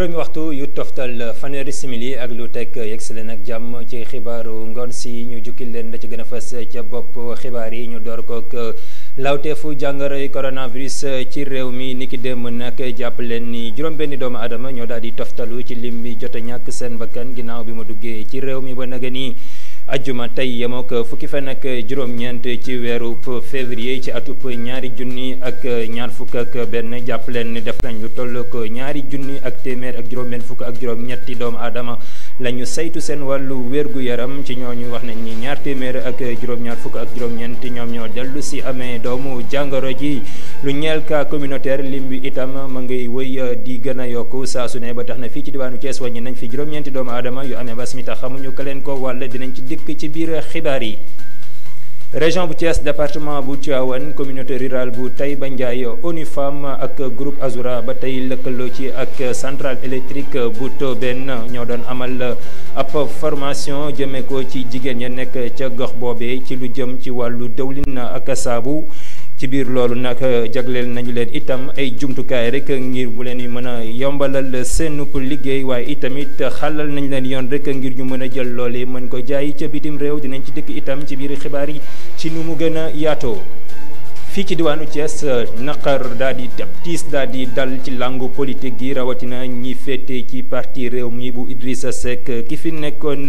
juróomi waxtu yu toftal fanweeri simili ak lu teg yegsi leen ak jàmm ci xibaaru ngoon si ñu jukki leen da ci gën a fës ca bopp xibaar yi ñu door kook lawteefu jàngoroy coronavirus ci réew mi ni ki démb nag jàpp leen ni juróom benni doomu aadama ñoo daal di toftalu ci lim bi jot ñàkk seen bakkan ginnaaw bi ma duggee ci réew mi ba naga nii ajjuma tey yemoo fukki fan ak juróom-ñeent ci weeru p février ci atub ñaari junni ak ñaar fukk ak benn jàpp leen def nañ lu toll ñaari junni ak téeméer ak juróom-benn fukk ak juróom-ñetti doomu aadama la ñu saytu seen wàllu wérgu yaram ci ñooñu wax nañ ni ñaar téeméer ak juróom-ñaar fukk ak juróom-ñeent ñoom ñoo dellu si amee doomu jàngoro ji lu ñeel cas communautaire lim bi itam ma ngay wëy euh, di gën a yokk saa su ne ba tax na fii ci diwaanu Thiès wàññi nañ fi juróom-ñeenti doomu aadama yu amee mbas mi tax xamuñu ka leen ko wàll dinañ ci dikk ci biir xibaar yi région bu Thiès département bu Tivaouane communauté rural bu Taïba Ndiaye ONU Femmes ak groupe Azura ba tey lëkkaloo ci ak centrale électrique bu Tobène ñoo doon amal ab formation jëmee ko ci jigéen ya nekk ca gox boobee ci lu jëm ci wàllu dëwlin ak ci biir loolu nag jagleel nañu leen itam ay jumtukaay rek ngir bu leen mën a yombalal seenup liggéey waaye itamit xalal nañ leen yoon rek ngir ñu mën a jël loole mën ko jaay ca bitim réew dinañ ci dëkk itam ci biir xibaar yi ci nu mu gën a yaatoo fii ci diwaanu Thiès naqar daal di ab tiis daal di dal ci làngu politique gi rawatina ñi féete ci parti réew mi bu Idrissa Seck ki fi nekkoon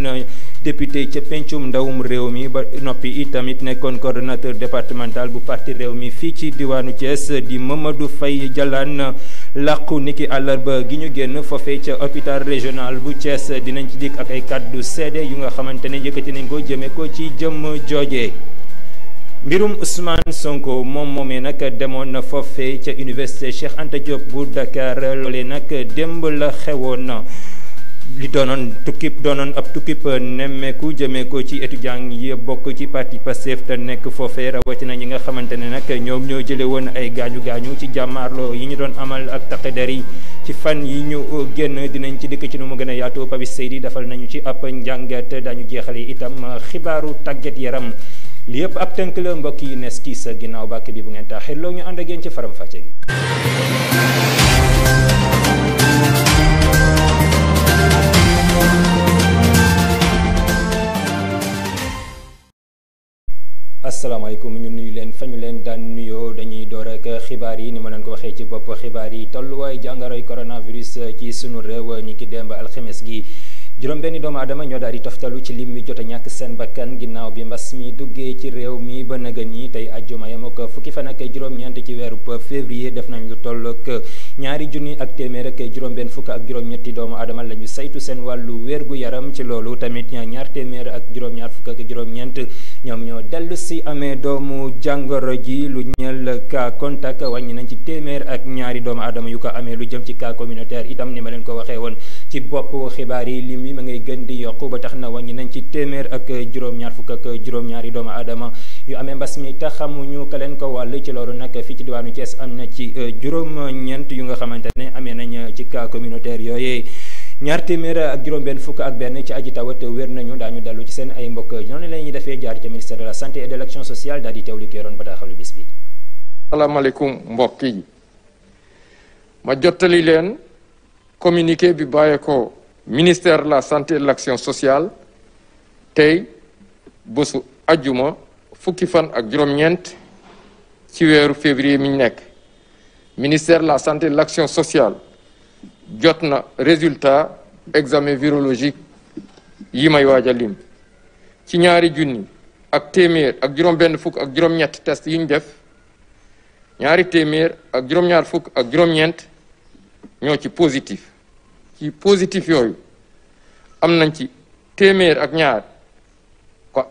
député ca pencum ndawum réew mi ba noppi it tamit nekkoon coordonnateur départemental bu parti réew mi fii ci diwaanu Thiès di Mamadou Faye Jallaan làqu niki àllarba gi ñu génn foofee ca hôpital régional bu Thiès dinañ ci dikk ak ay kàddu seede yu nga xamante ne yëkkati nañ ko jëmee ko ci jëm jooje mbirum Ousmane Sonko moom moomee nag demoon na foofee ca université Cheikh Anta bu Dakar loolee nag démb la xewoon na li doonoon tukkib doonoon ab tukkib nemmeeku jëmee ko ci étudiant yi bokk ci parti Pastef te nekk foofee rawatina ñi nga xamante ne nag ñoom ñoo jëlee woon ay gaañu gaañu ci jàmmaarloo yi ñu doon amal ak taqadar yi ci fan yi ñu génn dinañ ci dëkk ci nu mu gën a yaatu Pape defal nañu ci ab njàngat dañu yi itam xibaaru tàggat yaram li yëpp ab tënk la mbokk yi nes sa ginnaaw bàkk bi bu ngeen taaxee loo ñu ànd ak yéen ci faram-fàcce gi asalaamaaleykum ñu nuyu leen fa ñu leen daan nuyoo dañuy door ak xibaar yi ni ma leen ko waxee ci bopp xibaar yi tolluwaay jàngoroy coronavirus ci sunu réew ñu ki démb alxemes gi. juróom-benni doomu aadama ñoo daal di toftalu ci lim mi jot a ñàkk seen bakkan ginnaaw bi mbas mi duggee ci réew mi ba naga nii tey ajjuma yam ak fukki fan ak juróom-ñeent ci weeru février def nañ lu toll ak ñaari junni ak téeméer ak juróom-benn fukk ak juróom doomu aadama la ñu saytu seen wàllu wérgu yaram ci loolu tamit ñaar téeméer ak juróom-ñaar fukk ak ñeent ñoom ñoo dellu si amee doomu jàngoro ji lu ñeel cas contact wàññi nañ ci téeméer ak ñaari doomu aadama yu ko amee lu jëm ci cas communautaire itam ni ma leen ko waxee woon ci bopp xibaar yi lim yi ma ngay gën di yokku ba tax na wàññi nañ ci téeméer ak juróom-ñaar fukk ak juróom-ñaari doomu aadama yu amee mbas mi te xamuñu ka leen ko wàll ci loolu nag fii ci diwaanu Thiès am na ci euh, juróom-ñeent yu nga xamante ne amee nañ euh, ci cas communautaire yooye ñaar téeméer ak juróom benn fukk ak benn ci aji tawat wér nañu daañu dallu ci seen ay mbokk noonu la ñuy defee jaar ci ministère de la santé et de l'action sociale daal di teewlu ki yoroon bataaxalu mbokk yi communiqué bi bàyyeekoo ministère de la santé et de l'action sociale tay bosu adjuma, fukki fan ak juroom ñent ci wéru février mi nek ministère de la santé et de l'action sociale jotna résultat examen virologique yi may waaj ci ñaari junni ak téeméer ak juroom benn fuk ak juroom ñett test yiñ def ñaari téeméer ak juroom ñaar fuk ak juroom ñent ñoo ci positif ci positif yooyu am nañ ci téeméer ak ñaar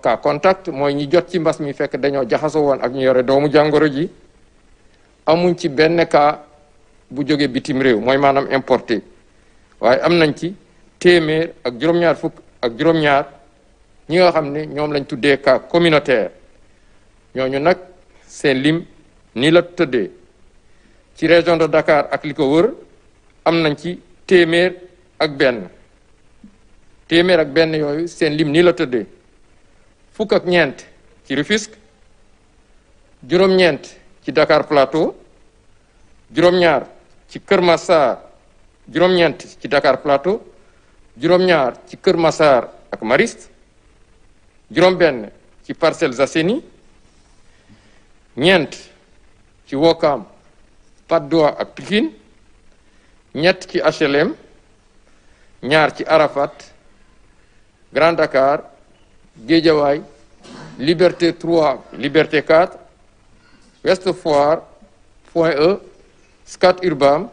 cas contact mooy ñi jot ci mbas mi fekk dañoo jaxasoo woon ak ñu yore doomu jàngoro ji amuñ ci benn kaa bu jóge bitim réew mooy maanaam importé waaye am nañ ci téeméer ak juróom-ñaar fukk ak juróom-ñaar ñi nga xam ne ñoom lañ tuddee cas communautaire ñooñu nag seen lim ni la tëddee ci région de Dakar ak li ko wër am nañ ci téeméer ak benn téeméer ak benn yooyu seen lim nii la tëddee fukk ak ñeent ci Rufisque juróom-ñeent ci Dakar Plateau juróom-ñaar ci Kër Massar juróom-ñeent ci Dakar Plateau juróom-ñaar ci Kër Massar ak Mariste juróom-benn ci Parcelles Assainies ñeent ci Ouakam Patte ak Pikine ñett ci HLM ñaar Arafat Grand Dakar Liberté 3 Liberté 4 West Foire Point E Scat Urbam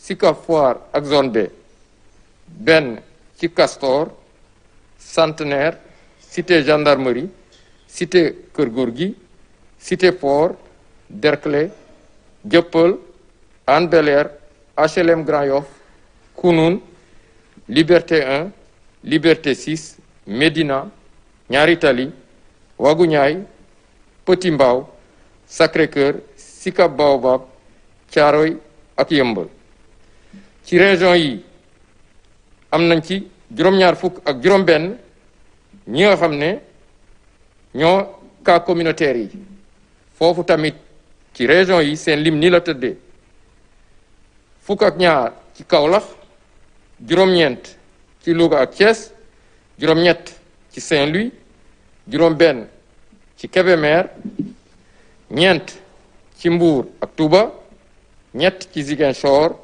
Sika Foire Ben, zone B Castor Centenaire Cité Gendarmerie Cité Keur Cité Fort, Derkle, Guepel, Anne HLM Granyov, Kunun, Liberté 1, Liberté 6, Medina, Nyaritali, Wagounay, Potimbao, Sakrekeur, Sika Baobab, Tiaroy ak Yembo. Ti rejan yi, amnen ki, gyrom nyar fuk ak gyrom ben, nyo hamne, nyo ka kominoteri. Fofu tamit, ti rejan yi, sen lim ni lote dey. fukk ak ñaar ci Kaolack juróom-ñeent ci Louga ak ces juróom-ñett ci Saint-Louis juróom-benn ci Kébémer ñeent ci mbuur ak tuba ñett ci Ziguinchor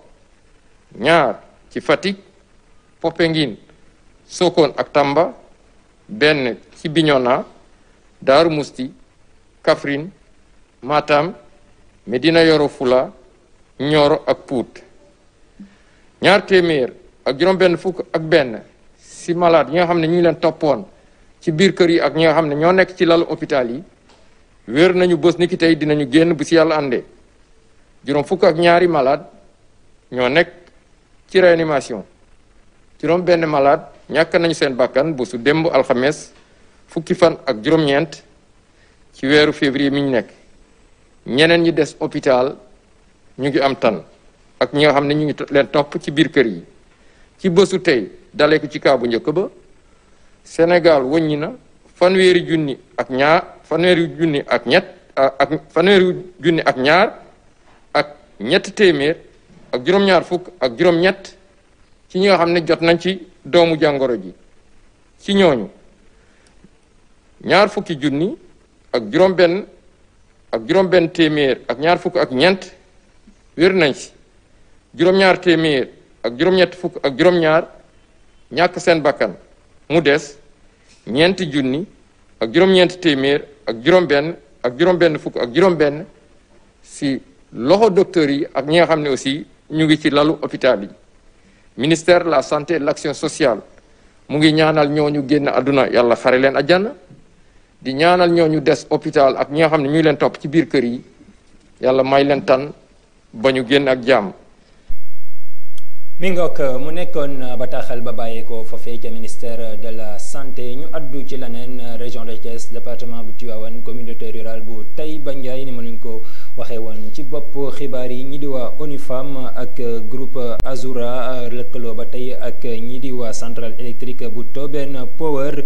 ñaar ci Fatick Popenguine sokon ak tàmba benn ci Bignona Daaru Musti Kaffrine Matam dina Yoro Fula Nioro ak puut ñaar téeméer ak fuk benn fukk ak benn si malade ñi nga xam ne ñu ngi leen toppoon ci biir kër yi ak ñi nga xam ne ñoo nekk ci lal hôpital yi wér nañu bés ni ki tey dinañu génn bu si yàlla àndee juróom fukk ak ñaari malade ñoo nekk ci réanimation juróom benn malade ñàkk nañu seen bakkan bu su démb alxames fukki fan ak juróom-ñeent ci weeru février mi ñu nekk ñeneen ñi des hôpital ñu ngi am ak ñi nga xam ne ñu ngi leen topp ci biir kër yi ci bësu tey dalee ci kaa bu njëkk ba Sénégal wëññi na fanweeri junni ak ñaar ak ñett fanweeri junni ak ñaar ak ñett téeméer ak juróom-ñaar fukk ak juróom-ñett ci ñi nga xam ne jot nañ ci doomu jàngoro ji ci ñooñu ñaar fukki junni ak juróom-benn ak juróom-benn téeméer ak ñaar fukk ak ñeent wér nañ ci juróom-ñaar téeméer ak juróom-ñett fukk ak juróom-ñaar juni, seen bakkan mu des ñeenti junni ak juróom-ñeenti ak ak ak si loxo docteur yi ak ñi nga xam aussi ñu ngi ci lalu hôpital yi ministère la santé et de l'action sociale mu ngi ñaanal ñooñu génn àdduna xare di ñaanal nyonyu des hôpital ak ñi nga top ne ñu leen topp ci biir kër yi may tan banyu ñu génn ak mi ngoog euh, mu nekkoon euh, bataaxal ba bàyyeekoo foofee ca ministère euh, de la santé ñu addu ci leneen région de Thiès département bu Tivaouane communauté rurale bu Taïba Ndiaye ni ma leen ko waxee woon ci bopp xibaar yi ñi di waa ONU Femmes ak groupe Azura lëkkaloo ba tey ak ñi di wa centrale électrique bu Tobène Power.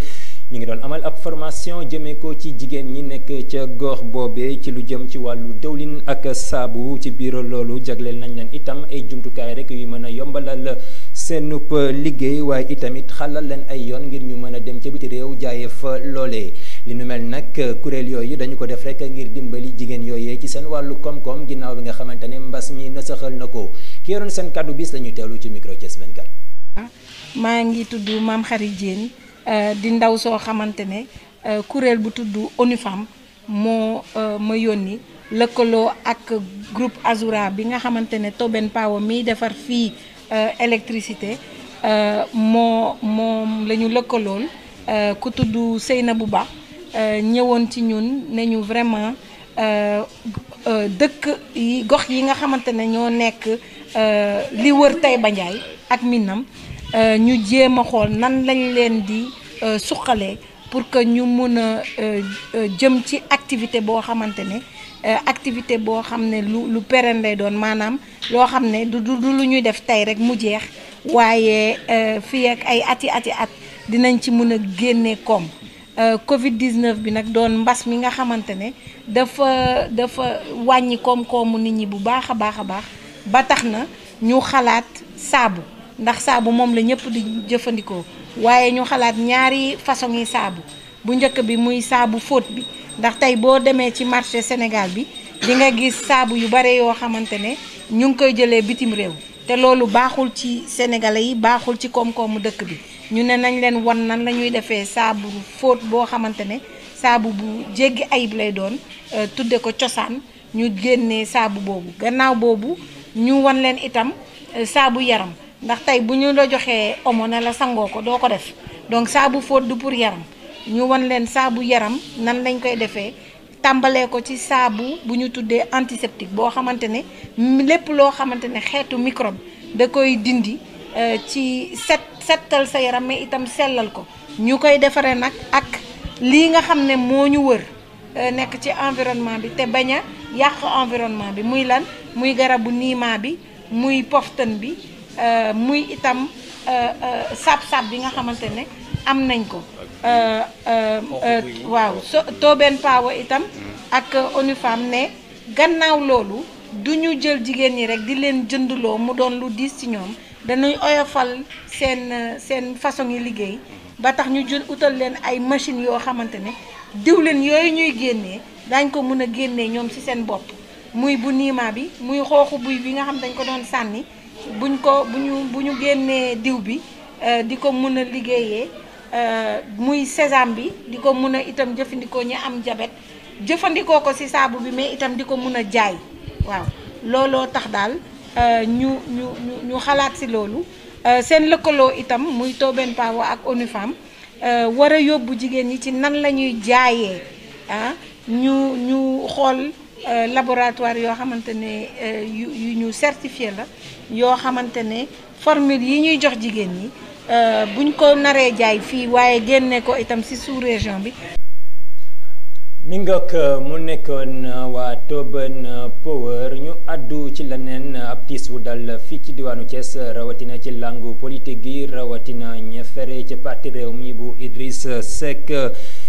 ñu ngi doon amal ab formation jëmee ko ci jigéen ñi nekk ca gox boobee ci lu jëm ci wàllu dëwlin ak saabu ci biir loolu jagleel nañ leen itam ay jumtukaay rek yu mën a yombalal seenub liggéey waaye itamit xalal leen ay yoon ngir ñu mën a dem ca biti réew jaayee fa loolee li nu mel nag kuréel yooyu dañu ko def rek ngir dimbali jigéen yooyee ci seen wàllu koom-koom ginnaaw bi nga xamante ne mbas mi nasaxal na ko ki yoroon seen kàddu bis la ñu teewlu ci micro Thiès 24. Euh, di ndaw soo xamante ne euh, kuréel bu tudd ONUFEM moo euh, ma yónni lëkkaloo ak groupe Azura bi nga xamante ne Toben Power miy defar fii électricité moo moom la ñu lëkkalool ku tudd Seynabou Ba ñëwoon ci ñun ne ñu vraiment dëkk yi gox yi nga xamante ne ñoo nekk li wër Taïba Ndiaye ak Minam Euh, ñu jéem a xool nan lañ leen di euh, suqalee pour que ñu mun a euh, jëm ci activité boo xamante ne activité boo xam ne lu lu pérenne lay doon maanaam loo xam ne du du lu ñuy def tey rek mu jeex waaye fii ak ay ati ati at dinañ ci mun a génne koom Covid 19 bi nag doon mbas mi nga xamante ne dafa dafa wàññi koom-koomu nit ñi bu baax a baax a baax ba tax na ñu xalaat saabu. ndax saabu moom la ñëpp di jëfandikoo waaye ñu xalaat ñaari façon yi saabu bu njëkk bi muy saabu fóot bi ndax tey boo demee ci marché Sénégal bi di nga gis saabu yu bare yoo xamante ne ñu ngi koy jëlee bitim réew te loolu baaxul ci sénégalais yi baaxul ci koom-koomu dëkk bi ñu ne nañ leen wan nan la ñuy defee saabu fóot boo xamante ne saabu bu jéggi ayib lay doon euh, tuddee ko cosaan ñu génnee saabu boobu gannaaw boobu ñu wan leen itam euh, saabu yaram ndax tay bu ñu la joxee omo ne la sangoo ko doo ko def donc saabu fóot du pour yaram ñu wan leen saabu yaram nan lañ koy defee tàmbalee ko ci saabu bu ñu tuddee antiseptique bo xamante ne lépp loo xamante microbe da koy dindi euh, ci set settal sa yaram mais itam selal ko ñu koy defaree ak linga nga xam ne moo ñu wër euh, nekk ci environnement bi te bañ a environnement bi muy lan muy garabu bi muy poftan bi Euh, muy itam euh, euh, sab-sab bi nga xamante am nañ ko waaw so Tobeen Power itam hmm. ak ONU Femmes ne gannaaw lolu du ñu jël jigéen ñi rek di leen jëndloo mu doon lu diis ci ñoom dañuy oyofal seen seen façon yi liggéey hmm. ba tax ñu jël utal leen ay machine yoo xamante ne diwlin yooyu ñuy génnee dañ ko mën ci muy bu bi muy xooxu buy bi nga xam dañ ko buñ ko bu ñu bu génnee diw bi euh, di ko mun a liggéeyee euh, muy sésame bi di ko mun a itam jëfandikoo ñu am jabet jëfandikoo ko ci saabu bi mais itam di ko mun a jaay waaw looloo tax daal euh, ñu ñu ñu xalaat si loolu seen lëkkaloo itam muy Tobène Pao ak ONU Femmes war a yóbbu jigéen ñi ci nan la ñuy jaayee ah ñu ñu xool Euh, laboratoire yoo xamante ne euh, yu yu ñu certifié la yoo xamante ne formule yi ñuy jox jigéen ñi euh, buñ ko naree jaay fii waaye génne ko itam ci sous-région bi. mi ngoog mu nekkoon waa Tobane Power ñu àddu ci leneen ab tiis dal fii ci diwaanu Thiès rawatina ci langu politique gi rawatina ña fere ci parti réew mi bu Idriss Seck.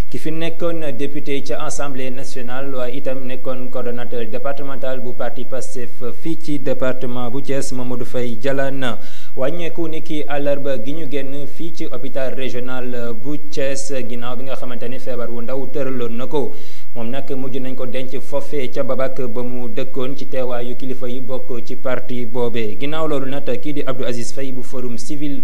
ki fi nekkoon député ca assemblée nationale waaye itam nekkoon coordonnateur départemental bu parti Pastef fii ci département bu moom du fay Faye na wàññeeku ni kii àllarba gi ñu génn fii ci hôpital régional bu Thiès ginnaaw bi nga xamante ni feebar wu ndaw tëraloon na ko moom nag mujj nañ ko denc foofee ca Babac ba mu dëkkoon ci teewaayu kilifa yi bokk ci parti boobe ginnaaw loolu nag kii di Abdou Aziz Faye bu forum civil.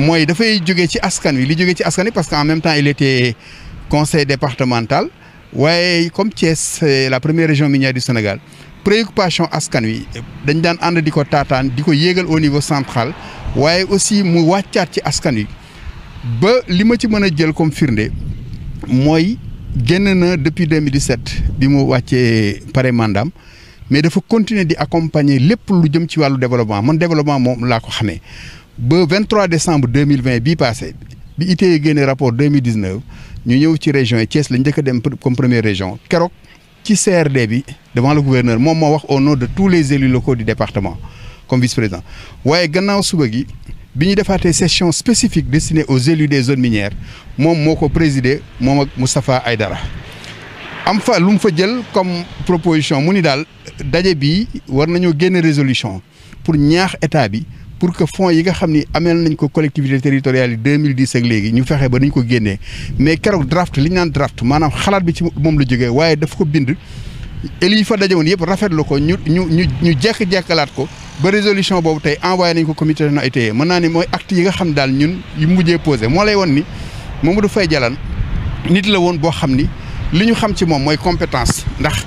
Moi a fait ci askan wi li parce qu'en même temps il était conseil départemental comme c'est la première région minière du Sénégal préoccupation askan wi qu'il daan ànd di au niveau central waaye aussi mu wàccaat ci askan wi ba li ma ci mën depuis 2017 bi mu wàccee paré mandam mais il faut continuer d'accompagner accompagner lépp lu développement Mon développement moom là ko le 23 décembre 2020 il passé bi ité e un rapport 2019 ñu ñëw ci région qui Thiès la dem comme première région kérok ci CRD bi devant le gouverneur mom mo wax au nom de tous les élus locaux du département comme vice-président waaye gannaaw suba gi bi ñu session spécifique destinée aux élus des zones minières mom suis présider président moom ak Moustapha Aydara am fa lu mu fa jël comme proposition mu ni daal daje bi war nañu résolution pour ñaax état bi pour que fonds yi nga xamni amel nañ ko collectivité territoriale yi 2010 ak léegi ñu fexé ba nañ ko génnee mais keroog draft li ñu draft manam xalaat bi ci mom la jógee waye daf ko bind élu fa dajewoon yëpp rafetlu ko ñu ñu ñu ñu jekk-jekkalaat ko ba résolution bobu tay envoyé nañ ko comité de ay téye mën naa ni mooy acte yi nga xam daal ñun yu mujjé posé mo lay won ni Mamadou Faye Dialane nit la won bo xamni liñu xam ci mom moy compétence ndax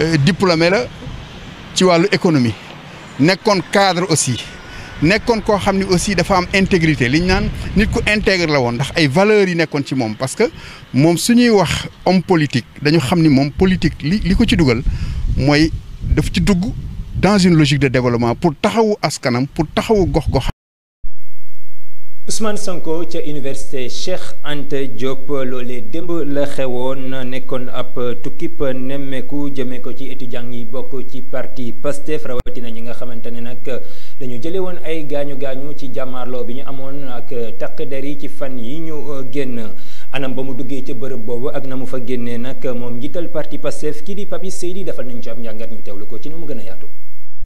euh, diplômé la ci walu économie nekkoon cadre aussi nekkoon koo xam ni aussi dafa am intégrité li ñu naan nit ku intègre la woon ndax ay valeurs yi nekkoon ci moom parce que moom su ñuy wax homme politique dañu xam ni moom politique li li ko ci dugal mooy daf ci dugg dans une logique de développement pour taxawu askanam pour taxawu gox-gox. Ousmane Sonko ca université Cheikh Anta Diop loolee démb la xewoon nekkoon ab tukkib nemmeeku jëmee ko ci étudiants yi bokk ci parti PASTEF rawatina ñi nga xamante ne nag. dañu jëlee woon ay gaañu gaañu ci jàmmaarloo bi ñu amoon ak euh, takk der yi ci fan yi ñu euh, génn anam ba mu duggee ca bërëb boobu ak na mu fa génnee nag moom njiital parti Pastef ki di Papi Seydi defal nañ ci ab njàngat ñu teewlu ko ci ni mu gën a yaatu.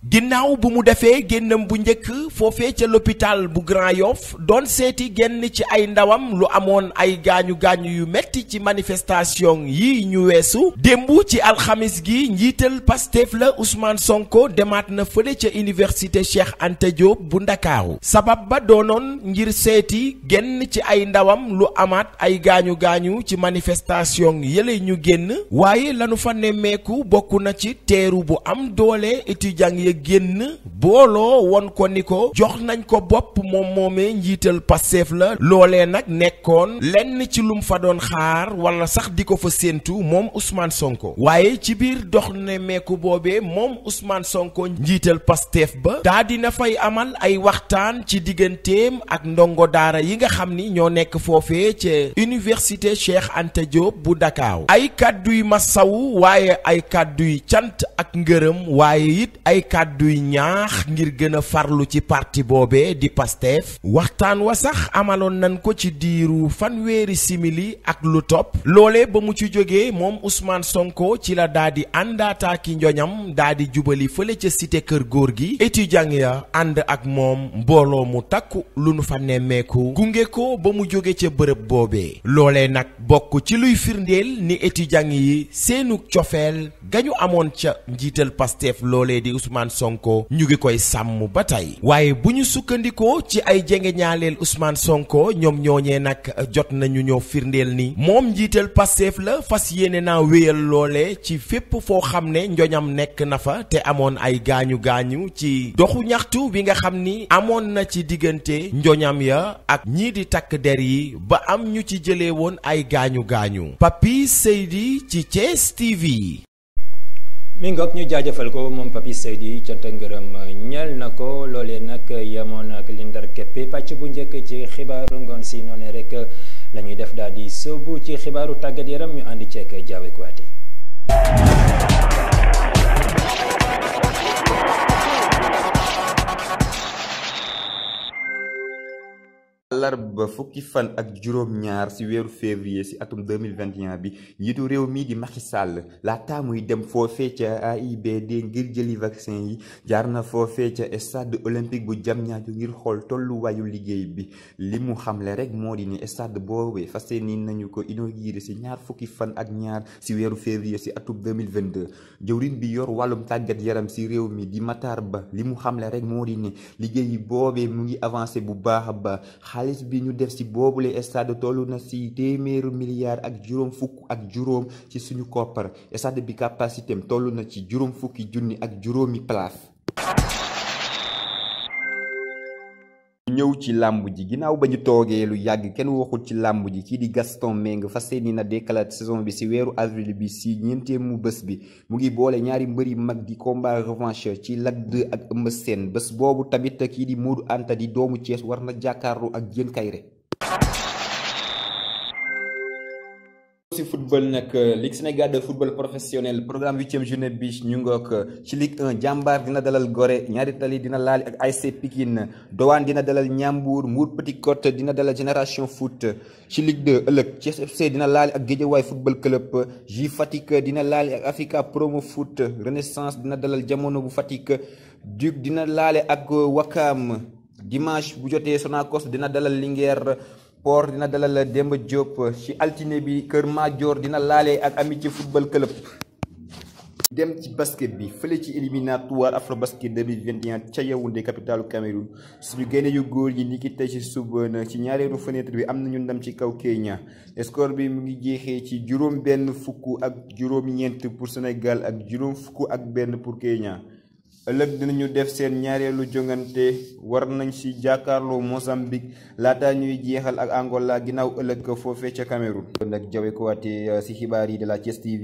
ginnaaw bu mu defee génnam bu njëkk foofee ca l'hôpital bu Grand Yoff doon seeti génn ci ay ndawam lu amoon ay gaañu gaañu yu metti ci manifestation yi ñu weesu démb ci alxamis gi njiital Pastef la Ousmane Sonko demaat na fële ca université Cheikh Anta bu Ndakaaru sabab ba doonoon ngir seeti génn ci ay ndawam lu amaat ay gaañu gaañu ci manifestation yële ñu génn waaye lanu fa nemmeeku bokk na ci teeru bu am doole étudiant ya génn booloo won ko ni ko jox nañ ko bopp moom moomee njiital Pastef la loole nag nekkoon lenn ci lum fa doon xaar wala sax di ko fa séentu moom usmaan Sonko waaye ci biir dox ne meeku boobee moom Ousmane Sonko njiital Pastef ba daa dina fay amal ay waxtaan ci digganteem ak ndongo daara yi nga xam ni ñoo nekk foofe ca université Cheikh Anta Diop bu Dakar ay kàdduy masawu waaye ay kàdduy cant ak ngërëm waaye it ay kàdduy ñaax ngir gën a farlu ci parti boobee di Pastef waxtaan wa sax amaloon nañ ko ci diiru fanweeri simili ak lu topp loole ba mu ci jógee moom Ousmane Sonko ci la daa di àndaataaki njoñam daa di jubali fële ca cité kër góor gi étudiant ya ànd ak moom mbooloo mu takku lu nu fa nemmeeku gunge ko ba mu jóge ca bërëb boobee loole nag bokk ci luy firndeel ni étudiant yi seenu cofeel gañu amoon ca njiital Pastef loolee di Ousmane Ousmane ñu ngi koy sàmm ba tey waaye bu ñu sukkandikoo ci ay jenge ñaaleel Ousmane Sonko ñoom ñooñee nag jot nañu ñoo firndeel ni moom njiital Pastef la fas yéene naa wéyal loole ci fépp foo xam ne njooñam nekk na fa te amoon ay gaañu gaañu ci doxu ñaxtu bi nga xam ni amoon na ci diggante njooñam ya ak ñii di takk der yi ba am ñu ci jële woon ay gaañu gaañu Papi Seydi ci Thiès yi mi ngoog ñu jaajëfal ko moom Papi Seydi cant ak ñeel na ko loolee nag yemoon ak li ndar képpe bu njëkk ci xibaaru ngoon si noonee rek la def daal di sóobu ci xibaaru tàggat yaram ñu ànd ceek jaawe kuwaate ba fukki fan ak juróom-ñaar ci weeru février ci atum 2021 bi njiitu réew mii di Macky Sall laata muy dem foofee ca AIBD ngir jëli vaccin yi jaar na foofee ca stade olympique bu Diamniadio ngir xool tolluwaayu liggéey bi li mu xamle rek moo di ni stade boobee fas yéene nañu ko inauguré ci ñaar fukki fan ak ñaar ci weeru février ci atum 2022 jëwriñ bi yor wàllum tàggat yaram ci réew mi di Matar Ba li mu xamle rek moo di ne liggéey boobe mu ngi avancé bu baax a baax xaalis bi ñu def ci boobule stade tollu na ci téeméeru milliards ak juróom fukk ak juróom ci suñu koppar stade bi capacité am toll na ci juróom fukki junni ak juróomi place ñëw ci làmb ji ginnaaw ba ñu toogee lu yàgg kenn waxul ci làmb ji kii di Gaston Mbengue fas yéene na déclarer saison bi si weeru avril bi si ñeenteemu bés bi mu ngi boole ñaari mbëri mag di combat revanche ci Lac ak Eumeu Sène bés boobu tamit kii di Modou Anta di doomu cees war na jàkkaarloo ak Diène Kaïré Le football nak. Euh, Ligue Sénégal de football professionnel programme huitième journée bi ñu ngook euh, ci Ligue 1 Jambar, dina dalal Gorée ñaari tali dina laali ak Nyambour, Pikine Petit dina dalal Ñambour Côte dina dalal Génération Foot ci Ligue 2 le CSFC dina laali Football Club J Fatik, dina Africa Promo Foot Renaissance dina dalal Jamono Duc dina laale ak Wakam dimanche bu jotee Sonacos dina dalal Port dina dalal Demba Diop ci altine bi Kër Madior dina laale ak Amitié Football Club. dem ci basket bi fële ci éliminatoire Afrobasket 2021 ca Yaoundé capitalu Cameroun suñu gaynde yu góor yi niki tey ci suba na ci ñaareelu fenêtre bi am na nañu ndam ci kaw Kenya score bi mu ngi jeexee ci juróom benn fukk ak juróom ñeent pour senegal ak juróom fukk ak benn pour Kenya ëllëg dinañu def seen ñaareelu jongante war nañ ci jàkkaarloo Mozambique laata ñuy jeexal ak Angola ginnaaw ëllëg foofee ca Cameroun. kon nag Jawe Koité ci euh, xibaar yi de la Thiès TV.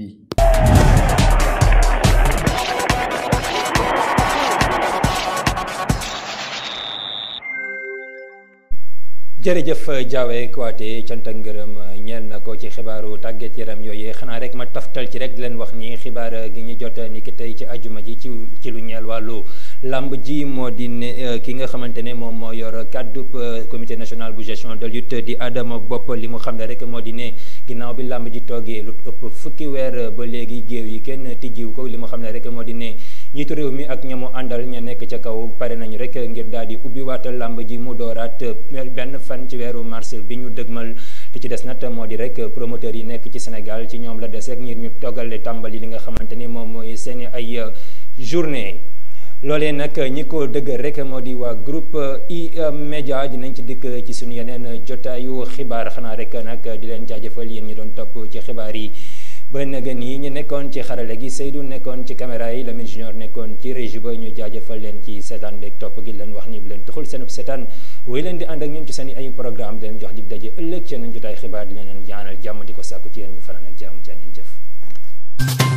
jërëjëf Diawé euh, Kouaté cant ak ngërëm euh, ñeel na ko ci xibaaru tàggat yaram yooyu xanaa rek ma taftal ci rek leen wax ni xibaar euh, gi ñu jot ni tey ci ajuma ji ci ci lu ñeel wàllu làmb ji moo di ne ki nga xamante ne moom moo yor kàddu commité national bu gestion de lutte di Adama Bopp li mu xam ne rek moo di ne ginnaaw bi làmb ji toggee lu ëpp fukki weer ba léegi géew yi kenn tijjiw ko li mu xam ne rek moo di ne. njiitu réew mi ak ñamu àndal ña nekk ca kaw pare nañu rek ngir daal di ubbi waata làmb ji mu dooraat benn fan ci weeru mars bi ñu dëgmal li ci des nag moo di rek promoteurs yi nekk ci Sénégal ci ñoom la des rek ñu toggale tàmbali li nga xamante ni moom mooy seen ay euh, journée loolee nag ñi ko dëgg rek moo di waa groupe E-Media euh, nañ ci dikk ci suñu yeneen jotaayu xibaar xanaa rek nag di leen jaajëfal yéen ñu doon topp ci xibaar yi ba naga nii ñu nekkoon ci xarale gi Seydou nekkoon ci caméra yi Lamine Junior nekkoon ci régie ba ñu jaajëfal leen ci seetaan beeg topp gi leen wax ni bu leen tuxul seenub seetaan wéy leen di ànd ak ñun ci seen ay programme di leen jox dig daje ëllëg seen jotaay xibaar di leen ñaanal jàmm di ko sàkku ci yéen ñu fanaan ak jàmm jaa ngeen jëf